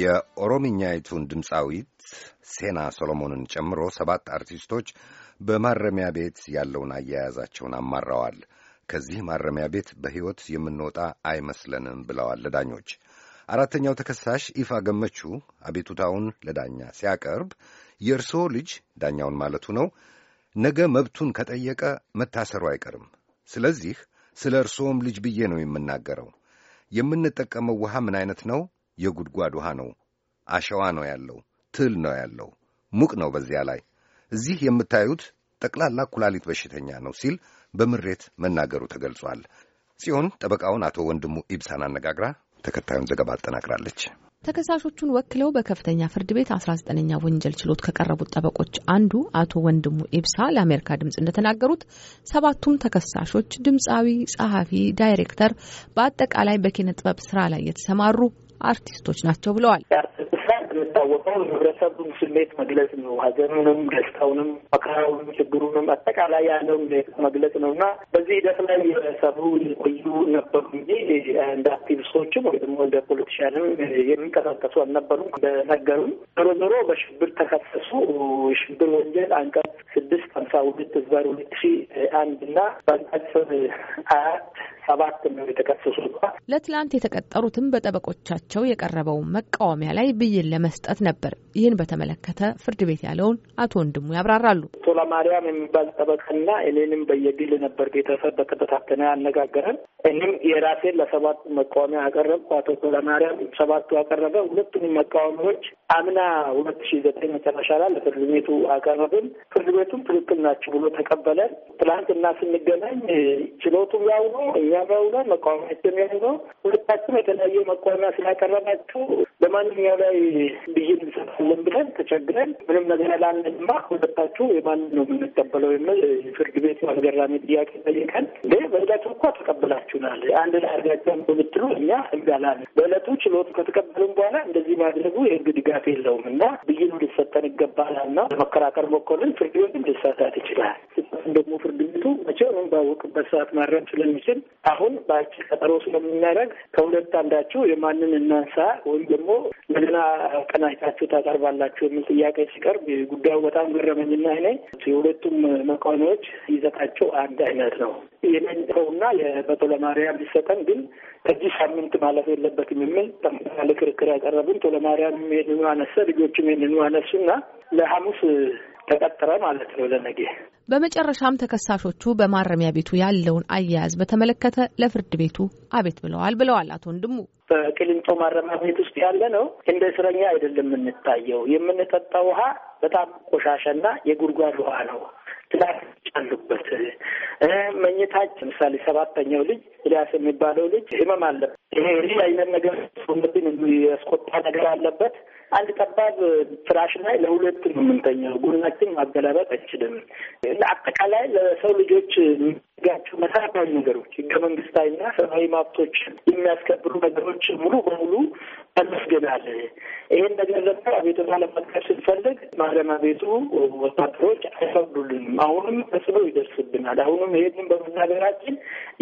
የኦሮምኛይቱን ድምፃዊት ሴና ሶሎሞንን ጨምሮ ሰባት አርቲስቶች በማረሚያ ቤት ያለውን አያያዛቸውን አማረዋል። ከዚህ ማረሚያ ቤት በሕይወት የምንወጣ አይመስለንም ብለዋል ለዳኞች። አራተኛው ተከሳሽ ኢፋ ገመቹ አቤቱታውን ለዳኛ ሲያቀርብ የእርስዎ ልጅ ዳኛውን ማለቱ ነው ነገ መብቱን ከጠየቀ መታሰሩ አይቀርም። ስለዚህ ስለ እርስዎም ልጅ ብዬ ነው የምናገረው። የምንጠቀመው ውሃ ምን አይነት ነው? የጉድጓድ ውሃ ነው፣ አሸዋ ነው ያለው፣ ትል ነው ያለው፣ ሙቅ ነው። በዚያ ላይ እዚህ የምታዩት ጠቅላላ ኩላሊት በሽተኛ ነው ሲል በምሬት መናገሩ ተገልጿል። ጽዮን ጠበቃውን አቶ ወንድሙ ኢብሳን አነጋግራ ተከታዩን ዘገባ አጠናቅራለች። ተከሳሾቹን ወክለው በከፍተኛ ፍርድ ቤት 19ኛ ወንጀል ችሎት ከቀረቡት ጠበቆች አንዱ አቶ ወንድሙ ኤብሳ ለአሜሪካ ድምጽ እንደተናገሩት ሰባቱም ተከሳሾች ድምፃዊ፣ ጸሐፊ፣ ዳይሬክተር፣ በአጠቃላይ በኪነ ጥበብ ስራ ላይ የተሰማሩ አርቲስቶች ናቸው ብለዋል። የሚታወቀው ህብረተሰቡን ስሜት መግለጽ ነው። ሀዘኑንም፣ ደስታውንም፣ መከራውንም፣ ችግሩንም አጠቃላይ ያለው መግለጽ ነው እና በዚህ ሂደት ላይ የሰሩ የቆዩ ነበሩ እንጂ እንደ አክቲቪስቶችም ወይ ደግሞ እንደ ፖለቲሽያንም የሚንቀሳቀሱ አልነበሩም። በነገሩም ዞሮ ዞሮ በሽብር ተከሰሱ። ሽብር ወንጀል አንቀጽ ስድስት ሀምሳ ሁለት ህዝባዊ ሁለት ሺ አንድ እና በአንቀጽ አያት ሰባት ነው የተከሰሱ። ለትላንት የተቀጠሩትም በጠበቆቻቸው የቀረበው መቃወሚያ ላይ ብይን ለመስጠት በመስጠት ነበር ይህን በተመለከተ ፍርድ ቤት ያለውን አቶ ወንድሙ ያብራራሉ። ቶላ ማርያም የሚባል ጠበቃና እኔንም በየግል ነበር ቤተሰብ በተበታተነ ያነጋገረን። እኔም የራሴን ለሰባቱ መቃወሚያ አቀረብኩ። አቶ ቶላ ማርያም ሰባቱ አቀረበ። ሁለቱንም መቃወሚያዎች አምና ሁለት ሺ ዘጠኝ መጨረሻ ላይ ለፍርድ ቤቱ አቀረብን። ፍርድ ቤቱም ትክክል ናቸው ብሎ ተቀበለን። ትላንትና ስንገናኝ ችሎቱ ያው ነው፣ እኛም ያው ነው፣ መቃወሚያችን ያው ነው። ሁለታችሁም የተለያየ መቃወሚያ ስላቀረባችሁ በማንኛው ላይ እንሰጣለን ብለን ተቸግረን ምንም ነገር ላለንማ ሁለታችሁ የማን ነው የምንቀበለው የሚል ፍርድ ቤቱ አስገራሚ ጥያቄ ጠይቀን ግን በዕለቱ እኮ ተቀብላችሁናል አንድ ላይ አድርጋችሁ ብትሉ እኛ እምቢ አላልን። በዕለቱ ችሎቱ ከተቀበልን በኋላ እንደዚህ ማድረጉ የህግ ድጋፍ የለውም እና ብይኑ ሊሰጠን ይገባላል እና ለመከራከር ሞከልን። ፍርድ ቤትም ሊሳሳት ይችላል። ደግሞ ፍርድ ቤቱ ምን ባወቅበት ሰዓት ማድረግ ስለሚችል አሁን በአጭር ቀጠሮ ስለምናደርግ ከሁለት አንዳችሁ የማንን እናንሳ ወይም ደግሞ እንደገና አቀናጅታችሁ ታቀርባላችሁ የሚል ጥያቄ ሲቀርብ ጉዳዩ በጣም ገረመኝና እኔ የሁለቱም መቃወሚያዎች ይዘታቸው አንድ አይነት ነው። የመንጠውና የበቶ ለማርያም ሊሰጠን ግን ከዚህ ሳምንት ማለፍ የለበትም የሚል ጠምቃለ ክርክር ያቀረብን ቶለማርያም ይህንኑ አነሰ፣ ልጆችም ይህንኑ አነሱና ለሐሙስ ተቀጥረ ማለት ነው ለነገ። በመጨረሻም ተከሳሾቹ በማረሚያ ቤቱ ያለውን አያያዝ በተመለከተ ለፍርድ ቤቱ አቤት ብለዋል ብለዋል አቶ ወንድሙ። በቅሊንጦ ማረሚያ ቤት ውስጥ ያለ ነው እንደ እስረኛ አይደለም የምንታየው። የምንጠጣ ውሃ በጣም ቆሻሻና የጉድጓድ ውሃ ነው። ትናንት አሉበት። መኝታች ለምሳሌ ሰባተኛው ልጅ ኢልያስ የሚባለው ልጅ ህመም አለበት። ይሄ ልጅ አይነት ነገር ሰውነትን የሚያስቆጣ ነገር አለበት። አንድ ጠባብ ፍራሽ ላይ ለሁለት ነው የምንተኛው። ጉናችን ማገላበጥ አይችልም። አጠቃላይ ለሰው ልጆች የሚጋቸው መሰረታዊ ነገሮች ህገ መንግስታዊና ሰብአዊ መብቶች የሚያስከብሩ ነገሮች ሙሉ በሙሉ ተመስገናል። ይሄን ነገር ደግሞ አቤቱታ ለመጥቀስ ስንፈልግ ማረሚያ ቤቱ ወታደሮች አይፈቅዱልንም። አሁንም ተሰብስበው ይደርስብናል። አሁንም ይሄንን በመናገራችን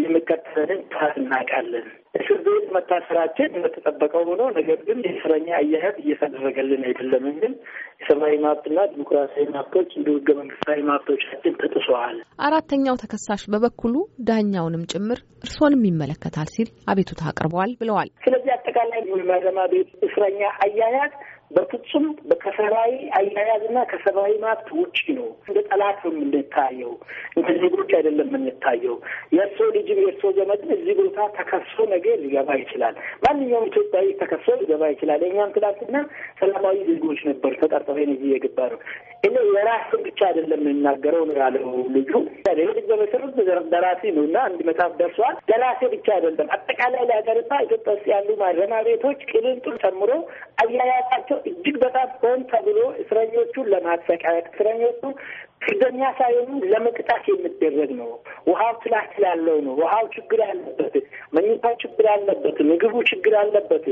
የሚከተለንን ጥፋት እናውቃለን። እስር ቤት መታሰራችን እንደተጠበቀው ሆኖ ነገር ግን የእስረኛ አያያዝ እየተደረገልን አይደለም ግን የሰብአዊ መብትና ዲሞክራሲያዊ መብቶች እንዲሁ ህገ መንግስታዊ መብቶቻችን ተጥሰዋል። አራተኛው ተከሳሽ በበኩሉ ዳኛውንም ጭምር እርስዎንም ይመለከታል ሲል አቤቱታ አቅርበዋል ብለዋል። ስለዚህ አጠቃላይ ማረሚያ ቤት እስረኛ አያያዝ በፍጹም ከሰብአዊ አያያዝና ከሰብአዊ መብት ውጭ ነው። እንደ ጠላት ነው የምንታየው፣ እንደ ዜጎች አይደለም የምንታየው። የእርሶ ልጅም የእርሶ ዘመድም እዚህ ቦታ ተከሶ ነገ ሊገባ ይችላል። ማንኛውም ኢትዮጵያዊ ተከሶ ሊገባ ይችላል። የእኛም ትላንትና ሰላማዊ ዜጎች ነበር ተጠርጥረን እዚህ የገባ ነው እ የራስን ብቻ አይደለም የምናገረው ነው ያለው ልጁ። ሌሎች በመሰረት ደራሲ ነው እና አንድ መጽሐፍ ደርሷል። ደራሴ ብቻ አይደለም አጠቃላይ ለሀገርና ኢትዮጵያ ውስጥ ያሉ ማረሚያ ቤቶች ቅልንጡን ጨምሮ አያያዛቸው እጅግ በጣም ሆን ተብሎ እስረኞቹን ለማሰቃየት እስረኞቹ ፍርደኛ ሳይሆኑ ለመቅጣት የሚደረግ ነው። ውሃው ትላት ላለው ነው። ውሃው ችግር አለበት፣ መኝታው ችግር አለበት፣ ምግቡ ችግር አለበት።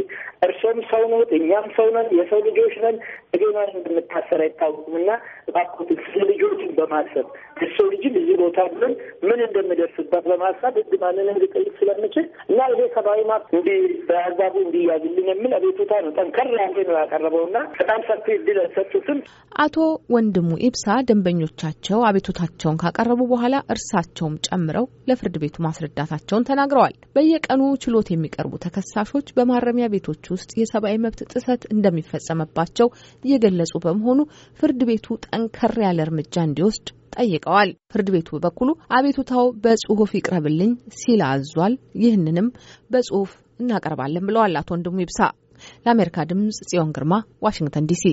እርሶም ሰው ነዎት፣ እኛም ሰው ነን፣ የሰው ልጆች ነን። እገና እንደምታሰር አይታወቅም እና እባክዎትን ስለ ልጆችን በማሰብ የሰው ልጅ እዚህ ቦታ ብለን ምን እንደምደርስበት በማሰብ ህግ ማንንም ሊጠይቅ ስለምችል እና ይሄ ሰብአዊ መብት እንዲ በአግባቡ እንዲያዝልን የሚል አቤቱታ ነው ጠንከር ያለ ነው ያቀረበው እና በጣም ሰፊ እድል ሰጡትም አቶ ወንድሙ ኢብሳ ደንበኞች ደንበኞቻቸው አቤቱታቸውን ካቀረቡ በኋላ እርሳቸውም ጨምረው ለፍርድ ቤቱ ማስረዳታቸውን ተናግረዋል። በየቀኑ ችሎት የሚቀርቡ ተከሳሾች በማረሚያ ቤቶች ውስጥ የሰብአዊ መብት ጥሰት እንደሚፈጸምባቸው እየገለጹ በመሆኑ ፍርድ ቤቱ ጠንከር ያለ እርምጃ እንዲወስድ ጠይቀዋል። ፍርድ ቤቱ በበኩሉ አቤቱታው በጽሁፍ ይቅረብልኝ ሲል አዟል። ይህንንም በጽሁፍ እናቀርባለን ብለዋል አቶ ወንድሙ ይብሳ። ለአሜሪካ ድምጽ ጽዮን ግርማ ዋሽንግተን ዲሲ